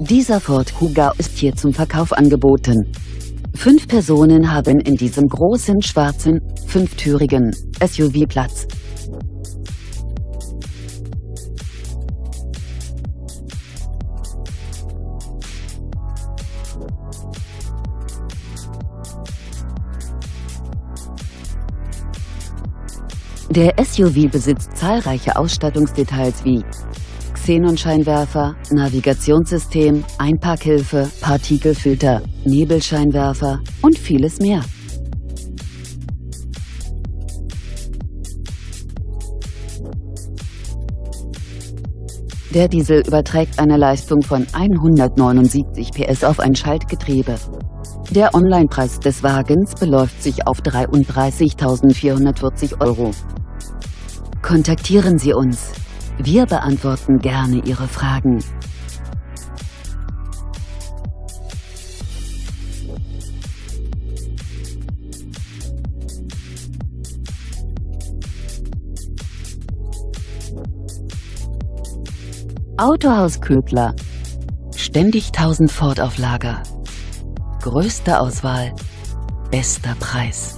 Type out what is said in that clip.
Dieser Ford Kuga ist hier zum Verkauf angeboten. Fünf Personen haben in diesem großen schwarzen, fünftürigen SUV Platz. Der SUV besitzt zahlreiche Ausstattungsdetails wie Xenonscheinwerfer, Navigationssystem, Einparkhilfe, Partikelfilter, Nebelscheinwerfer und vieles mehr. Der Diesel überträgt eine Leistung von 179 PS auf ein Schaltgetriebe. Der Onlinepreis des Wagens beläuft sich auf 33.440 Euro. Kontaktieren Sie uns. Wir beantworten gerne Ihre Fragen. Autohaus Ködler. Ständig 1000 Ford auf Lager. Größte Auswahl, bester Preis.